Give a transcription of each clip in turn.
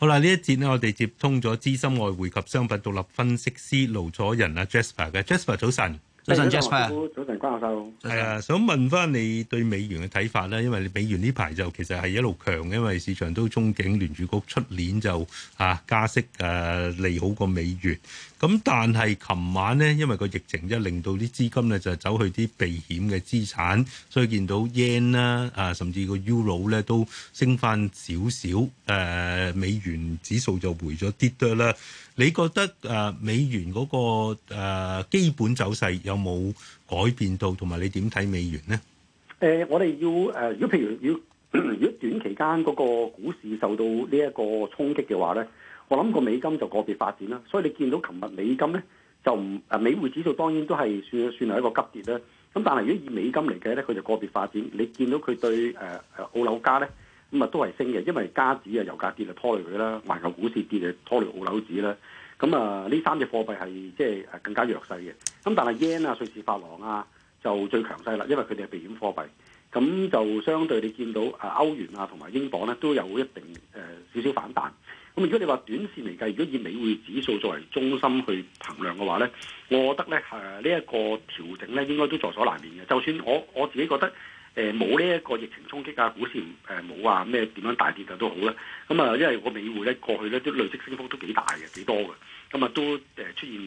好啦，呢一節咧，我哋接通咗資深外匯及商品獨立分析師盧楚仁阿 Jasper 嘅，Jasper 早晨，早晨 Jasper，早晨關教授，係啊，想問翻你對美元嘅睇法咧，因為你美元呢排就其實係一路強，因為市場都憧憬聯儲局出年就啊加息，誒利好個美元。咁但係琴晚咧，因為個疫情一令到啲資金咧就走去啲避險嘅資產，所以見到 yen 啦啊，啊，甚至個 Euro 咧都升翻少少。誒、呃、美元指數就回咗跌多啦。你覺得誒、呃、美元嗰、那個、呃、基本走勢有冇改變到？同埋你點睇美元咧？誒、呃，我哋要誒，如、呃、果譬如要。如果短期間嗰個股市受到呢一個衝擊嘅話咧，我諗個美金就個別發展啦。所以你見到琴日美金咧就唔，啊，美匯指數當然都係算算係一個急跌啦。咁但係如果以美金嚟計咧，佢就個別發展。你見到佢對誒誒、呃、澳紐加咧咁，啊都係升嘅，因為加指啊，油價跌就拖累佢啦，環球股市跌就拖累澳紐指啦。咁啊呢三隻貨幣係即係誒更加弱勢嘅。咁但係 yen 啊，瑞士法郎啊就最強勢啦，因為佢哋係避險貨幣。咁就相對你見到啊歐元啊同埋英鎊咧都有一定誒、呃、少少反彈。咁如果你話短線嚟計，如果以美匯指數作為中心去衡量嘅話咧，我覺得咧誒呢一、呃這個調整咧應該都在所難免嘅。就算我我自己覺得誒冇呢一個疫情衝擊啊，股市誒冇、呃、啊咩點樣大跌啊都好咧。咁、嗯、啊、呃，因為我美匯咧過去咧都累積升幅都幾大嘅，幾多嘅。咁啊都誒出現誒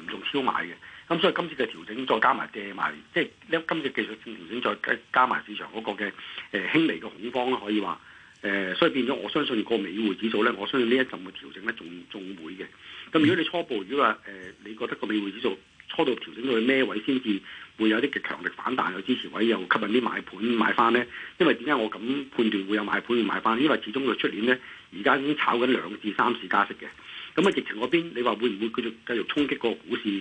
嚴重超買嘅，咁所以今次嘅調整再加埋借埋，即係呢今次技術性調整再加埋市場嗰個嘅誒、呃、輕微嘅恐慌咯，可以話誒、呃，所以變咗我相信個美匯指數咧，我相信呢一陣會調整咧仲仲會嘅。咁如果你初步如果話誒、呃，你覺得個美匯指數初度調整到去咩位先至會有啲極強力反彈，有支持位又吸引啲買盤買翻咧？因為點解我咁判斷會有買盤會買翻？因為始終佢出年咧而家已經炒緊兩至三次加息嘅。咁啊，疫情嗰邊，你話會唔會繼續繼續衝擊嗰個股市誒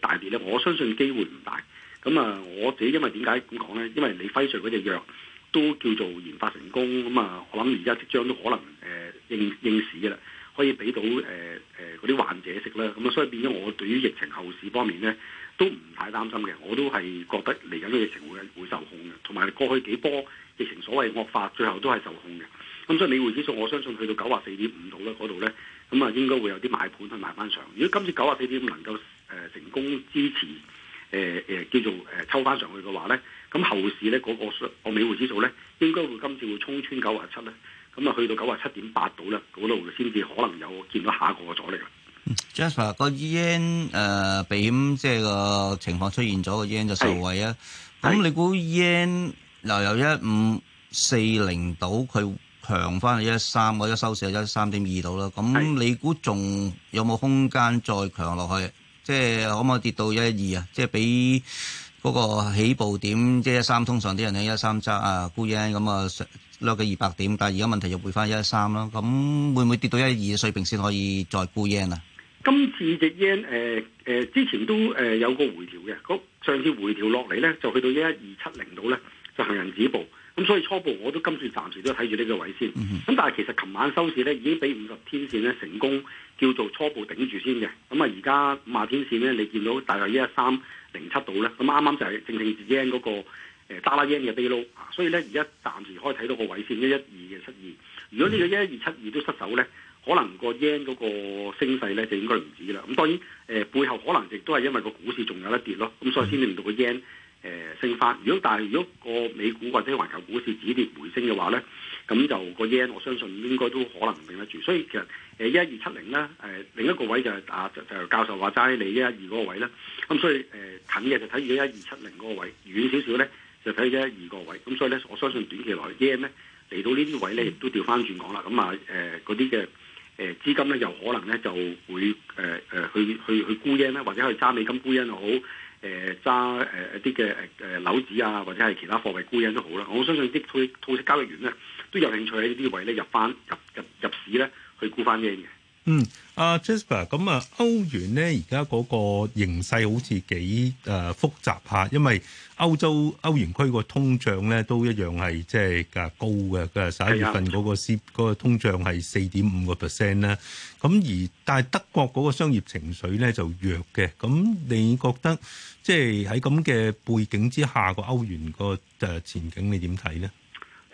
大跌咧？我相信機會唔大。咁啊，我自己因為點解咁講咧？因為你輝瑞嗰隻藥都叫做研發成功，咁啊，我諗而家即將都可能誒應應市嘅啦，可以俾到誒誒嗰啲患者食啦。咁啊，所以變咗我對於疫情後市方面咧，都唔太擔心嘅。我都係覺得嚟緊嘅疫情會會受控嘅，同埋過去幾波疫情所謂惡化，最後都係受控嘅。咁所以你匯指數，我相信去到九十四點五度咧，嗰度咧。咁啊，應該會有啲買盤去買翻上。如果今次九啊四點能夠誒成功支持誒誒叫做誒抽翻上去嘅話咧，咁後市咧嗰個個美匯指數咧，應該會今次會衝穿九啊七咧。咁啊，去到九啊七點八度咧，嗰度先至可能有見到下一個阻力。Jasper 個 yen 誒避險即係個情況出現咗，個 yen 就受惠啊。咁你估 yen 由由一五四零到佢？強翻去一一三，3, 我一收市一一三點二度啦。咁你估仲有冇空間再強落去？即係可唔可以跌到一一二啊？2? 即係比嗰個起步點，即係一三，3, 通常啲人喺一一三揸啊，沽 yen 咁啊，攞個二百點。啊啊、3, 但係而家問題又回翻一一三啦。咁、啊啊、會唔會跌到一一二嘅水平先可以再沽 yen 啊？今次隻 yen、呃呃、之前都誒有個回調嘅，上次回調落嚟咧就去到一一二七零度咧，就行人止步。咁、嗯嗯、所以初步我都今次暫時都睇住呢個位先。咁、嗯、但係其實琴晚收市咧已經俾五十天線咧成功叫做初步頂住先嘅。咁啊而家五十天線咧你見到大概一一三零七度咧。咁啱啱就係正正自 yen 嗰、那個誒耷嘅低落。所以咧而家暫時可以睇到個位先一一二嘅七二。1, 2, 3, 2, 3, 2, 3, 2, 如果呢個一一二七二都失守咧，可能個 yen 嗰個升勢咧就應該唔止啦。咁當然誒、呃、背後可能亦都係因為個股市仲有得跌咯。咁所以先令到個 yen。誒升翻，呃、如果但係如果個美股或者環球股市止跌回升嘅話咧，咁就個 yen 我相信應該都可能唔頂得住，所以其實誒一二七零啦，誒、呃、另一個位就係啊就，就教授話齋你一二嗰個位咧，咁、嗯、所以誒、呃、近嘅就睇住一二七零嗰個位，遠少少咧就睇一二個位，咁、嗯、所以咧我相信短期內 yen 咧嚟到呢啲位咧亦都調翻轉講啦，咁啊誒嗰啲嘅誒資金咧又可能咧就會誒誒、呃、去去去，去沽 yen 咧，或者去揸美金沽 yen 又好。誒揸誒一啲嘅誒誒樓紙啊，或者係其他貨幣沽人都好啦。我相信啲套套息交易員咧都有興趣喺呢啲位咧入翻入入入市咧去沽翻嘢嘅。嗯，阿 Jasper，咁啊，歐元咧，而家嗰個形勢好似幾誒複雜吓，因為歐洲歐元區個通脹咧都一樣係即係價高嘅，佢十一月份嗰個 C 嗰個通脹係四點五個 percent 啦。咁而但係德國嗰個商業情緒咧就弱嘅。咁你覺得即係喺咁嘅背景之下，個歐元個誒前景你點睇咧？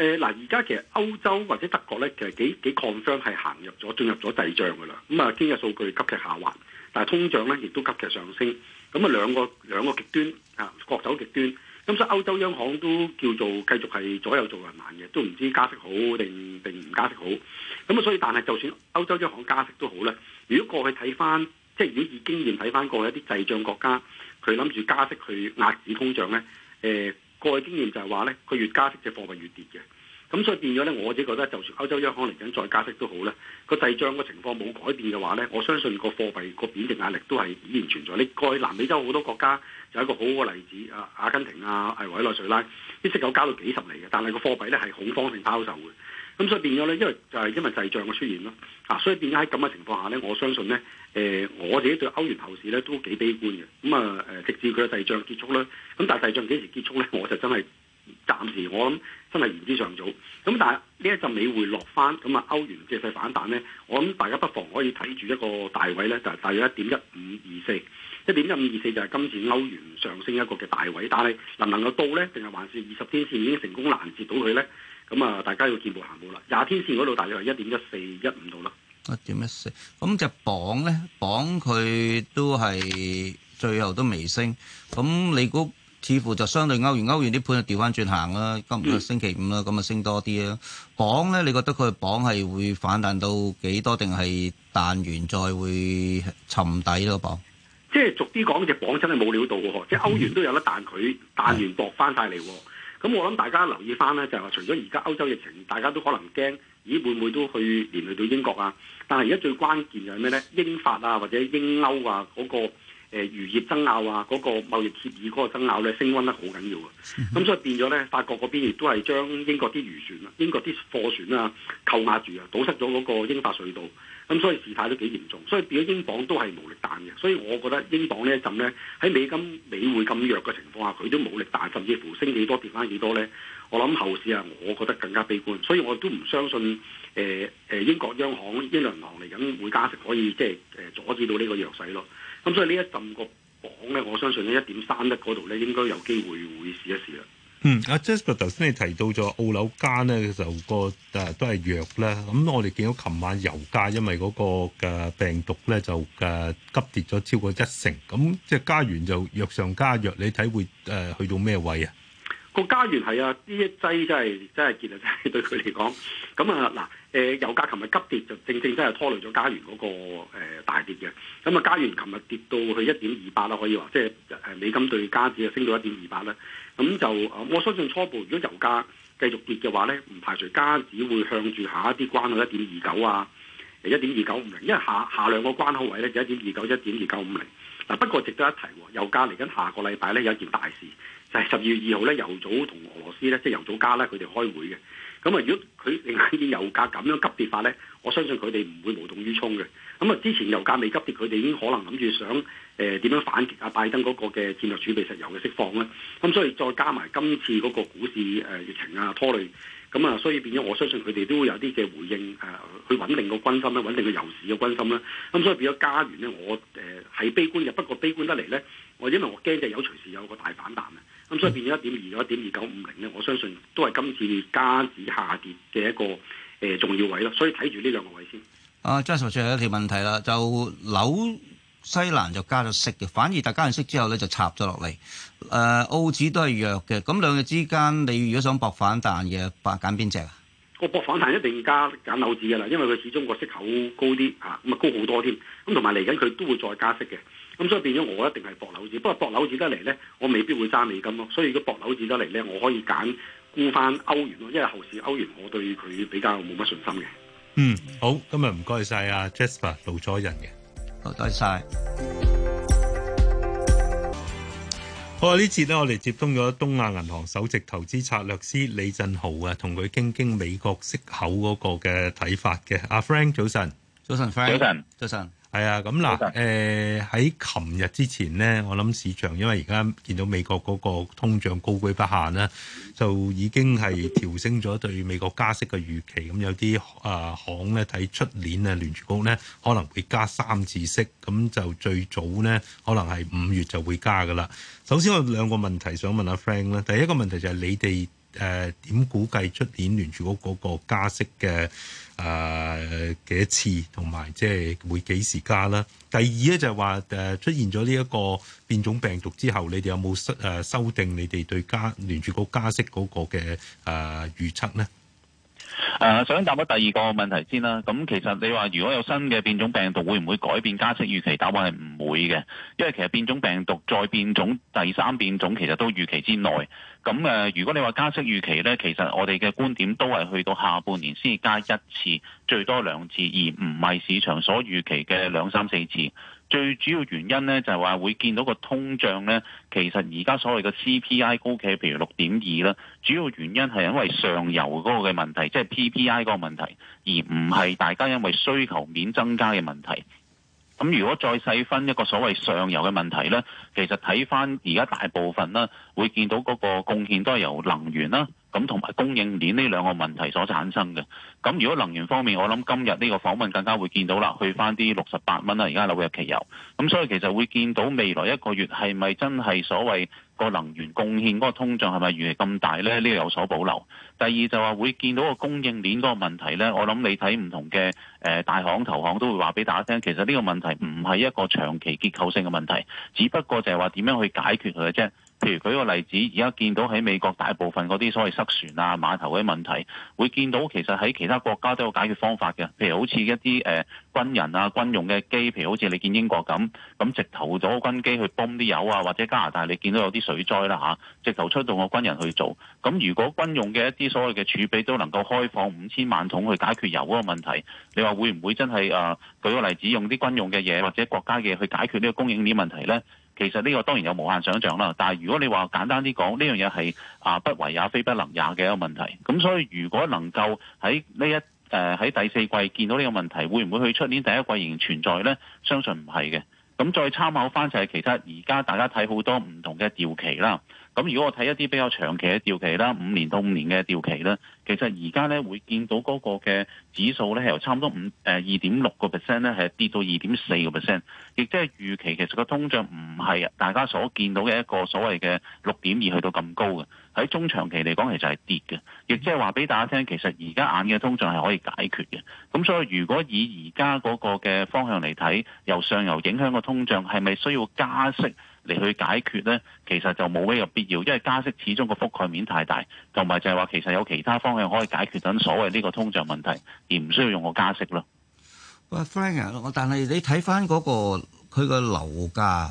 誒嗱，而家其實歐洲或者德國咧，其實幾幾擴張係行入咗進入咗滯脹噶啦，咁啊經濟數據急劇下滑，但係通脹咧亦都急劇上升，咁啊兩個兩個極端啊，各走極端，咁所以歐洲央行都叫做繼續係左右做人難嘅，都唔知加息好定定唔加息好，咁啊所以但係就算歐洲央行加息都好咧，如果過去睇返即係如果以經驗睇返過去一啲滯脹國家，佢諗住加息去壓止通脹咧，誒、欸。過去經驗就係話咧，佢越加息，隻貨幣越跌嘅。咁所以變咗咧，我自己覺得，就算歐洲央行嚟緊再加息都好咧，個滯脹個情況冇改變嘅話咧，我相信個貨幣個貶值壓力都係依然存在。你過去南美洲好多國家就係一個好好嘅例子啊，阿根廷啊，係、啊、委、啊、內瑞拉，啲息有加到幾十厘嘅，但係個貨幣咧係恐慌性拋售嘅。咁所以變咗咧，因為就係因為滯脹嘅出現咯啊，所以變咗喺咁嘅情況下咧，我相信咧。誒、呃，我自己對歐元後市咧都幾悲觀嘅，咁啊誒，直至佢嘅大仗結束啦，咁但係大仗幾時結束咧？我就真係暫時我諗真係言之尚早。咁但係呢一陣美匯落翻，咁啊歐元借勢反彈咧，我諗大家不妨可以睇住一個大位咧，就係、是、大約一點一五二四，一點一五二四就係今次歐元上升一個嘅大位，但係能唔能夠到咧？定係還是二十天線已經成功攔截到佢咧？咁啊，大家要見步行步啦。廿天線嗰度大約係一點一四一五度啦。一點一四，咁隻磅咧，磅、那、佢、個、都係最後都未升，咁你估似乎就相對歐元，歐元啲盤就調翻轉行啦，今個星期五啦，咁啊升多啲啊，磅咧，你覺得佢磅係會反彈到幾多，定係彈完再會沉底咯？磅，即係逐啲講，隻磅真係冇料到嘅，即係歐元都有得彈，佢彈完駁翻晒嚟，咁的我諗大家留意翻咧，就係、話、除咗而家歐洲疫情，大家都可能驚。咦會唔會都去連累到英國啊？但係而家最關鍵就係咩呢？英法啊或者英歐啊嗰、那個誒漁、呃、業爭拗啊，嗰、那個貿易協議嗰個爭拗呢，升溫得好緊要㗎。咁、嗯、所以變咗呢，法國嗰邊亦都係將英國啲漁船、英國啲貨船啊扣押住啊，堵塞咗嗰個英法隧道。咁、嗯、所以事態都幾嚴重，所以變咗英鎊都係無力彈嘅。所以我覺得英鎊呢，一陣呢，喺美金美匯咁弱嘅情況下，佢都無力彈，甚至乎升幾多跌返幾多呢。我諗後市啊，我覺得更加悲觀，所以我都唔相信，誒、呃、誒、呃，英國央行、英倫行嚟緊會加息，可以即係誒阻止到呢個弱勢咯。咁、嗯、所以一呢一陣個鎊咧，我相信呢一點三一嗰度咧，應該有機會會試一試啦、嗯啊啊。嗯，阿 Jasper 頭先你提到咗澳紐加咧，就個誒都係弱啦。咁我哋見到琴晚油價，因為嗰個嘅病毒咧就誒、啊、急跌咗超過一成，咁即係加完就弱上加弱，你睇會誒、呃、去到咩位啊？個加元係啊，呢一劑真係真係結啊，真係對佢嚟講咁啊嗱，誒、呃、油價琴日急跌就正正真係拖累咗加元嗰個、呃、大跌嘅。咁啊，加元琴日跌到去一點二八啦，可以話即係誒美金對加指就升到一點二八啦。咁就我相信初步，如果油價繼續跌嘅話咧，唔排除加指會向住下一啲關口一點二九啊，一點二九五零，因為下下兩個關口位咧就一點二九、一點二九五零。嗱，不過值得一提，油價嚟緊下，下個禮拜咧有一件大事。就係十二月二號咧，油組同俄羅斯咧，即係油組加咧，佢哋開會嘅。咁啊，如果佢令啲油價咁樣急跌法咧，我相信佢哋唔會無動於衷嘅。咁啊，之前油價未急跌，佢哋已經可能諗住想誒點樣反擊阿拜登嗰個嘅戰略儲備石油嘅釋放啦。咁所以再加埋今次嗰個股市誒疫情啊拖累，咁啊，所以變咗我相信佢哋都會有啲嘅回應誒，去穩定個軍心啦。穩定個油市嘅軍心啦。咁所以變咗加完咧，我誒係悲觀嘅，不過悲觀得嚟咧，我因為我驚就係有隨時有個大反彈啊！咁、嗯、所以變咗一點二，有一點二九五零咧，我相信都係今次加指下跌嘅一個誒、呃、重要位咯。所以睇住呢兩個位先。阿 Charles 最後一條問題啦，就紐西蘭就加咗息嘅，反而加完息之後咧就插咗落嚟。誒、呃、澳紙都係弱嘅，咁兩日之間你如果想博反彈嘅，搏揀邊隻？個博反彈一定加揀樓紙嘅啦，因為佢始終個息口高啲嚇，咁啊高好多添。咁同埋嚟緊佢都會再加息嘅，咁所以變咗我一定係博樓紙。不過博樓紙得嚟咧，我未必會爭美金咯。所以如果博樓紙得嚟咧，我可以揀沽翻歐元咯，因為後市歐元我對佢比較冇乜信心嘅。嗯，好，今日唔該晒阿 Jasper 盧楚仁嘅，好，多謝，謝。 好喇，呢次呢，我哋接通咗東亞銀行首席投資策略師李振豪啊，同佢傾傾美國息口嗰個嘅睇法嘅。阿 Frank 早晨，早晨 Frank，早晨，Frank，早晨。早晨。係啊，咁嗱，誒喺琴日之前呢，我諗市場因為而家見到美國嗰個通脹高居不下呢，就已經係調升咗對美國加息嘅預期，咁有啲啊、呃、行咧睇出年啊聯儲局咧可能會加三次息，咁就最早呢可能係五月就會加㗎喇。首先我有兩個問題想問阿、啊、Frank 咧，第一個問題就係你哋，誒點、呃、估計出年聯住局嗰個加息嘅誒、呃、幾次，同埋即係會幾時加啦？第二咧就係話誒出現咗呢一個變種病毒之後，你哋有冇誒修訂你哋對加聯儲局加息嗰個嘅誒預測呢？誒、呃、想答咗第二個問題先啦。咁其實你話如果有新嘅變種病毒，會唔會改變加息預期？答案係唔會嘅，因為其實變種病毒再變種第三變種，其實都預期之內。咁誒，如果你話加息預期呢，其實我哋嘅觀點都係去到下半年先至加一次，最多兩次，而唔係市場所預期嘅兩三四次。最主要原因呢，就係話會見到個通脹呢，其實而家所謂嘅 CPI 高企，譬如六點二啦，主要原因係因為上游嗰個嘅問題，即係 PPI 個問題，而唔係大家因為需求面增加嘅問題。咁如果再細分一個所謂上游嘅問題呢，其實睇返而家大部分呢，會見到嗰個貢獻都係由能源啦，咁同埋供應鏈呢兩個問題所產生嘅。咁如果能源方面，我諗今日呢個訪問更加會見到啦，去返啲六十八蚊啦，而家紐約期油。咁所以其實會見到未來一個月係咪真係所謂？個能源貢獻嗰個通脹係咪仍然咁大呢？呢、這個有所保留。第二就話會見到個供應鏈嗰個問題呢，我諗你睇唔同嘅誒大行投行都會話俾大家聽。其實呢個問題唔係一個長期結構性嘅問題，只不過就係話點樣去解決佢嘅啫。譬如舉個例子，而家見到喺美國大部分嗰啲所謂塞船啊、碼頭嘅啲問題，會見到其實喺其他國家都有解決方法嘅。譬如好似一啲誒、呃、軍人啊、軍用嘅機，譬如好似你見英國咁，咁直頭咗軍機去泵啲油啊，或者加拿大你見到有啲水災啦、啊、嚇，直頭出動個軍人去做。咁如果軍用嘅一啲所謂嘅儲備都能夠開放五千萬桶去解決油嗰個問題，你話會唔會真係誒、呃？舉個例子，用啲軍用嘅嘢或者國家嘅去解決呢個供應鏈問題呢？其實呢個當然有無限想像啦，但係如果你話簡單啲講，呢樣嘢係啊不為也，非不能也嘅一個問題。咁所以如果能夠喺呢一誒喺、呃、第四季見到呢個問題，會唔會去出年第一季仍然存在呢？相信唔係嘅。咁再參考返就係其實而家大家睇好多唔同嘅調期啦。咁如果我睇一啲比較長期嘅掉期啦，五年到五年嘅掉期啦，其實而家咧會見到嗰個嘅指數咧，係由差唔多五誒二點六個 percent 咧，係跌到二點四個 percent，亦即係預期其實個通脹唔係大家所見到嘅一個所謂嘅六點二去到咁高嘅，喺中長期嚟講其實係跌嘅，亦即係話俾大家聽，其實而家眼嘅通脹係可以解決嘅。咁所以如果以而家嗰個嘅方向嚟睇，由上游影響個通脹，係咪需要加息？嚟去解決呢，其實就冇咩嘅必要，因為加息始終個覆蓋面太大，同埋就係話其實有其他方向可以解決緊所謂呢個通脹問題，而唔需要用個加息咯。喂，Frank，我但係你睇翻嗰個，佢個樓價。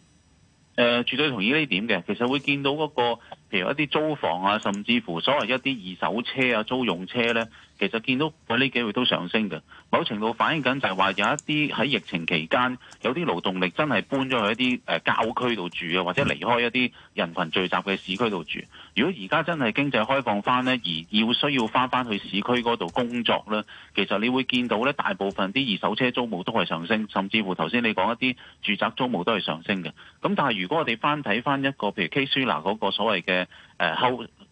誒、呃，絕對同意呢點嘅。其實會見到嗰、嗰個，譬如一啲租房啊，甚至乎所謂一啲二手車啊、租用車咧。其實見到我呢幾月都上升嘅，某程度反映緊就係話有一啲喺疫情期間有啲勞動力真係搬咗去一啲誒郊區度住啊，或者離開一啲人群聚集嘅市區度住。如果而家真係經濟開放翻呢，而要需要翻翻去市區嗰度工作呢，其實你會見到呢，大部分啲二手車租務都係上升，甚至乎頭先你講一啲住宅租務都係上升嘅。咁但係如果我哋翻睇翻一個譬如 k c 嗰個所謂嘅誒後。呃嗯樓市指數啦，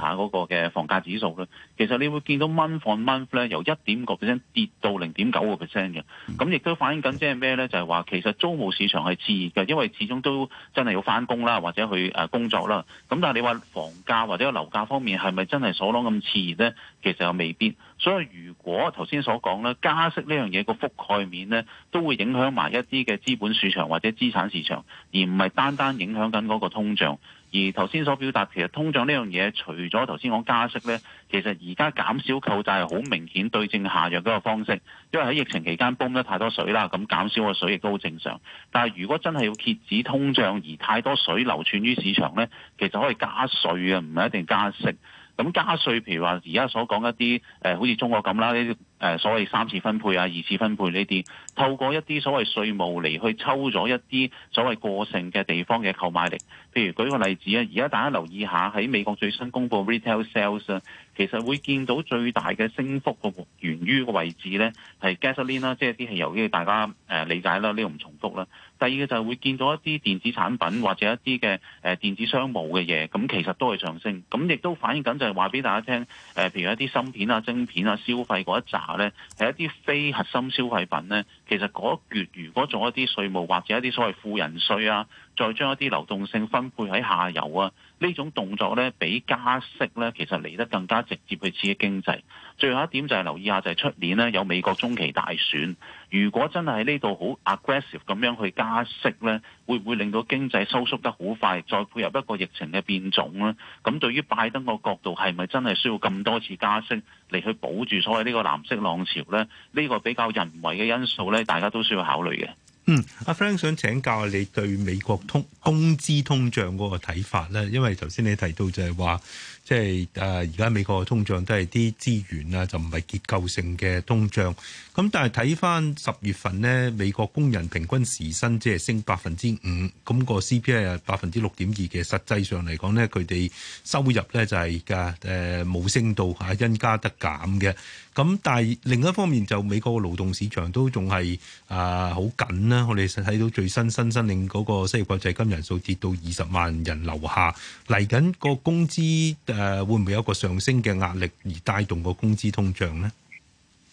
下嗰個嘅房價指數咧，其實你會見到 month on month 咧，由一點五個 percent 跌到零點九個 percent 嘅，咁亦都反映緊即係咩咧？就係、是、話其實租務市場係熾熱嘅，因為始終都真係要翻工啦，或者去誒工作啦。咁但係你話房價或者樓價方面係咪真係所講咁熾熱咧？其實又未必。所以如果頭先所講咧，加息呢樣嘢個覆蓋面咧，都會影響埋一啲嘅資本市場或者資產市場，而唔係單單影響緊嗰個通脹。而頭先所表達，其實通脹呢樣嘢，除咗頭先講加息呢，其實而家減少購債係好明顯對症下藥嗰個方式，因為喺疫情期間泵得太多水啦，咁減少個水亦都好正常。但係如果真係要遏止通脹，而太多水流竄於市場呢，其實可以加稅啊，唔係一定加息。咁加稅，譬如話而家所講一啲誒、呃，好似中國咁啦。誒所謂三次分配啊、二次分配呢啲，透過一啲所謂稅務嚟去抽咗一啲所謂過剩嘅地方嘅購買力。譬如舉個例子啊，而家大家留意下喺美國最新公布 retail sales 啊，其實會見到最大嘅升幅個源於個位置咧，係 gasoline 啦，即係啲汽油，由於大家誒理解啦，呢度唔重複啦。第二個就係會見到一啲電子產品或者一啲嘅誒電子商務嘅嘢，咁其實都係上升，咁亦都反映緊就係話俾大家聽，誒、呃，譬如一啲芯片啊、晶片啊、消費嗰一紮呢，係一啲非核心消費品呢。其實嗰月如果做一啲稅務或者一啲所謂富人稅啊，再將一啲流動性分配喺下游啊，呢種動作呢，比加息呢，其實嚟得更加直接去刺激經濟。最後一點就係留意下，就係出年呢，有美國中期大選。如果真係喺呢度好 aggressive 咁樣去加息呢，會唔會令到經濟收縮得好快？再配合一個疫情嘅變種呢？咁對於拜登個角度係咪真係需要咁多次加息嚟去保住所謂呢個藍色浪潮呢？呢、呢個比較人為嘅因素呢，大家都需要考慮嘅。嗯，阿 Frank 想請教你對美國通工資通脹嗰個睇法呢，因為頭先你提到就係話。即係誒，而、呃、家美國嘅通脹都係啲資源啊，就唔係結構性嘅通脹。咁但係睇翻十月份呢，美國工人平均時薪即係升百分之五，咁、那個 CPI 啊，百分之六點二嘅。實際上嚟講呢，佢哋收入呢就係嘅誒冇升到嚇、啊，因加得減嘅。咁但係另一方面就美國嘅勞動市場都仲係啊好緊啦。我哋睇到最新新申領嗰個失業救濟金人數跌到二十萬人樓下，嚟緊個工資誒會唔會有個上升嘅壓力而帶動個工資通脹呢？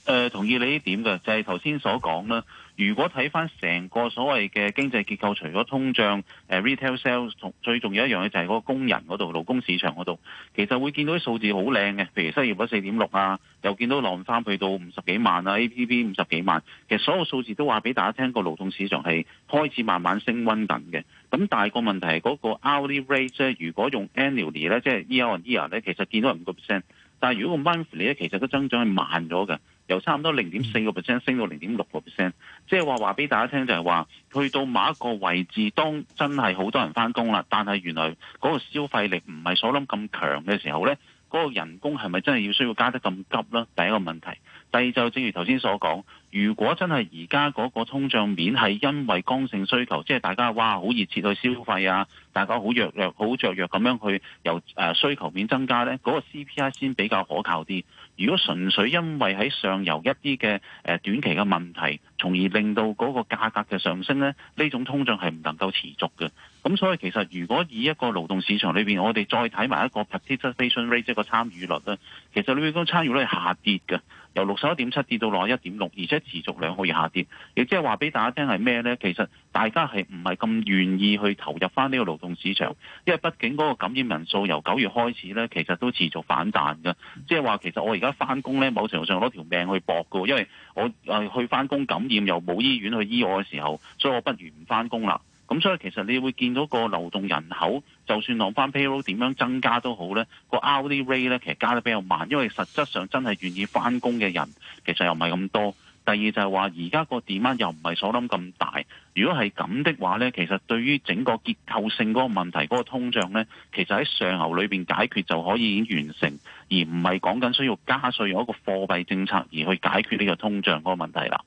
誒、呃、同意你呢點嘅，就係頭先所講啦。如果睇翻成個所謂嘅經濟結構，除咗通脹，誒、啊、retail sales 同最重要一樣嘢就係嗰個工人嗰度勞工市場嗰度，其實會見到啲數字好靚嘅，譬如失業率四點六啊，又見到浪山去到五十幾萬啊，ADP 五十幾萬。其實所有數字都話俾大家聽，這個勞動市場係開始慢慢升溫緊嘅。咁大個問題係嗰個 hourly rate 即咧，如果用 annual 嚟咧，即係 year on year 咧，其實見到係五個 percent，但係如果個 monthly 咧，其實都增長係慢咗嘅。由差唔多零點四個 percent 升到零點六個 percent，即係話，話俾大家聽就係話，去到某一個位置，當真係好多人返工啦，但係原來嗰個消費力唔係所諗咁強嘅時候呢，嗰個人工係咪真係要需要加得咁急呢？第一個問題。第二就正如頭先所講，如果真係而家嗰個通脹面係因為剛性需求，即係大家哇好熱切去消費啊，大家好弱弱好弱弱咁樣去由誒需求面增加呢，嗰個 CPI 先比較可靠啲。如果純粹因為喺上游一啲嘅誒短期嘅問題，從而令到嗰個價格嘅上升呢，呢種通脹係唔能夠持續嘅。咁所以其實如果以一個勞動市場裏邊，我哋再睇埋一個 participation rate 一個參與率呢，其實你會見參與率係下跌嘅。由六十一點七跌到六十一點六，而且持續兩個月下跌。亦即係話俾大家聽係咩呢？其實大家係唔係咁願意去投入翻呢個勞動市場？因為畢竟嗰個感染人數由九月開始呢，其實都持續反彈㗎。即係話其實我而家翻工呢，某程度上攞條命去搏㗎。因為我誒去翻工感染又冇醫院去醫我嘅時候，所以我不如唔翻工啦。咁、嗯、所以其實你會見到個流動人口，就算攞翻 payroll 點樣增加都好咧，個 outlay 咧其實加得比較慢，因為實質上真係願意翻工嘅人其實又唔係咁多。第二就係話，而家個 demand 又唔係所諗咁大。如果係咁的話呢，其實對於整個結構性嗰個問題、嗰、那個通脹呢，其實喺上游裏邊解決就可以已經完成，而唔係講緊需要加稅、有一個貨幣政策而去解決呢個通脹嗰個問題啦。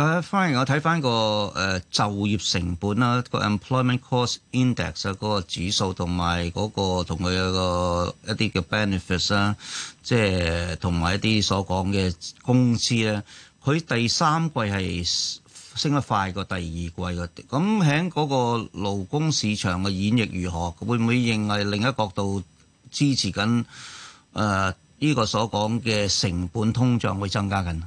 誒、啊，反而我睇翻個誒、呃、就業成本啦、啊，個 employment cost index 嗰、啊、個指數同埋嗰個同佢、嗰個一啲嘅 benefits 啦、啊，即係同埋一啲所講嘅工資咧，佢、啊、第三季係升得快過第二季嘅。咁喺嗰個勞工市場嘅演繹如何？會唔會認為另一角度支持緊誒呢個所講嘅成本通脹會增加緊？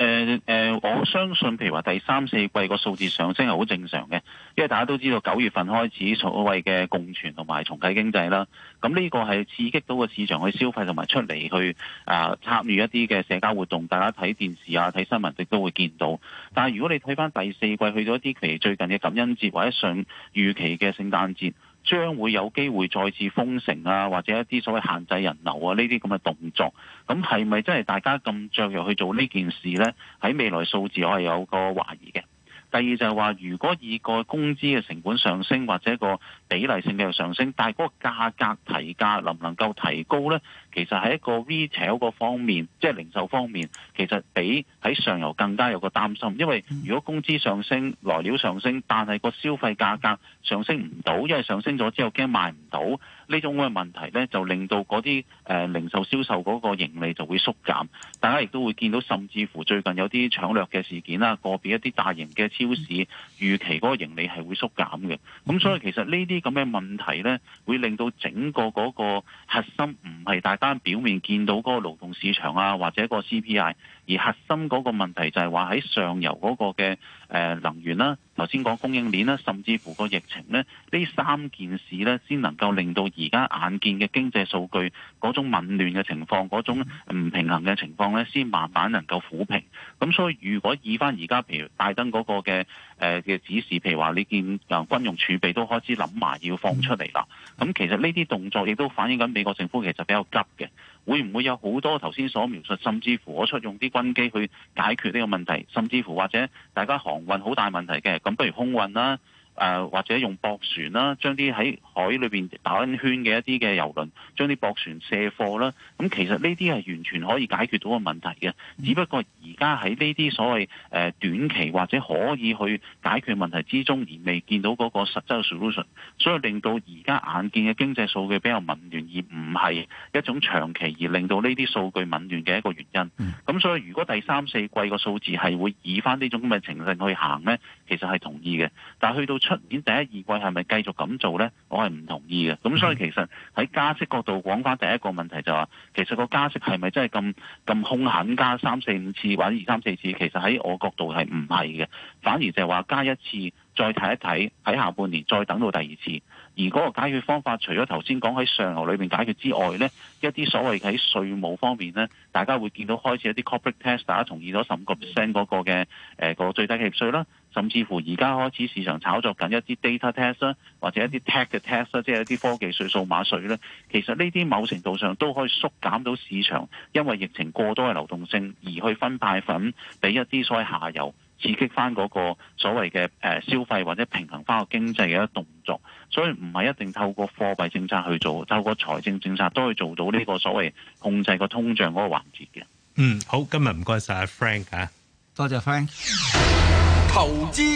誒誒、呃呃，我相信譬如話第三四季個數字上升係好正常嘅，因為大家都知道九月份開始所謂嘅共存同埋重啟經濟啦，咁呢個係刺激到個市場去消費同埋出嚟去啊、呃、參與一啲嘅社交活動，大家睇電視啊睇新聞亦都會見到。但係如果你睇翻第四季去到一啲譬如最近嘅感恩節或者上預期嘅聖誕節。將會有機會再次封城啊，或者一啲所謂限制人流啊，呢啲咁嘅動作，咁係咪真係大家咁著力去做呢件事呢？喺未來數字，我係有個懷疑嘅。第二就係話，如果以個工資嘅成本上升或者個比例性嘅上升，但係嗰個價格提價能唔能夠提高咧？其實係一個 retail 個方面，即係零售方面，其實比喺上游更加有個擔心，因為如果工資上升、來料上升，但係個消費價格上升唔到，因為上升咗之後驚賣唔到，呢種嘅問題咧就令到嗰啲誒零售銷售嗰個盈利就會縮減，大家亦都會見到，甚至乎最近有啲搶掠嘅事件啦，個別一啲大型嘅超市預期嗰個盈利係會縮減嘅。咁所以其實呢啲。咁嘅問題咧，會令到整個嗰個核心唔係單單表面見到嗰個勞動市場啊，或者個 CPI，而核心嗰個問題就係話喺上游嗰個嘅誒能源啦、啊。頭先講供應鏈啦，甚至乎個疫情呢，呢三件事呢，先能夠令到而家眼見嘅經濟數據嗰種紊亂嘅情況，嗰種唔平衡嘅情況呢，先慢慢能夠撫平。咁所以如果以翻，而家譬如拜登嗰個嘅誒嘅指示，譬如話你見啊軍用儲備都開始諗埋要放出嚟啦，咁其實呢啲動作亦都反映緊美國政府其實比較急嘅。會唔會有好多頭先所描述，甚至乎我出用啲軍機去解決呢個問題，甚至乎或者大家航運好大問題嘅，咁不如空運啦。誒或者用駁船啦，將啲喺海裏邊打緊圈嘅一啲嘅遊輪，將啲駁船卸貨啦。咁其實呢啲係完全可以解決到個問題嘅。只不過而家喺呢啲所謂誒短期或者可以去解決問題之中，而未見到嗰個實質嘅 solution，所以令到而家眼見嘅經濟數據比較紊亂，而唔係一種長期而令到呢啲數據紊亂嘅一個原因。咁、嗯、所以如果第三四季個數字係會以翻呢種咁嘅情勢去行呢？其實係同意嘅，但係去到出年第一二季係咪繼續咁做呢？我係唔同意嘅。咁所以其實喺加息角度講返，第一個問題就係話，其實個加息係咪真係咁咁兇狠加三四五次或者二三四次？其實喺我角度係唔係嘅，反而就係話加一次。再睇一睇喺下半年再等到第二次，而嗰個解決方法除咗頭先講喺上游裏面解決之外呢，一啲所謂喺稅務方面咧，大家會見到開始一啲 corporate tax 大家同意咗十五個 percent 嗰個嘅誒個最低企業稅啦，甚至乎而家開始市場炒作緊一啲 data tax 啦，或者一啲 tech 嘅 tax 啦，即係一啲科技稅、數碼稅咧，其實呢啲某程度上都可以縮減到市場因為疫情過多嘅流動性而去分派粉俾一啲所謂下游。刺激翻嗰個所謂嘅誒消費或者平衡翻個經濟嘅一動作，所以唔係一定透過貨幣政策去做，透過財政政策都可以做到呢個所謂控制個通脹嗰個環節嘅。嗯，好，今日唔該晒 Frank 吓，多謝 Frank。謝謝 Frank 投資。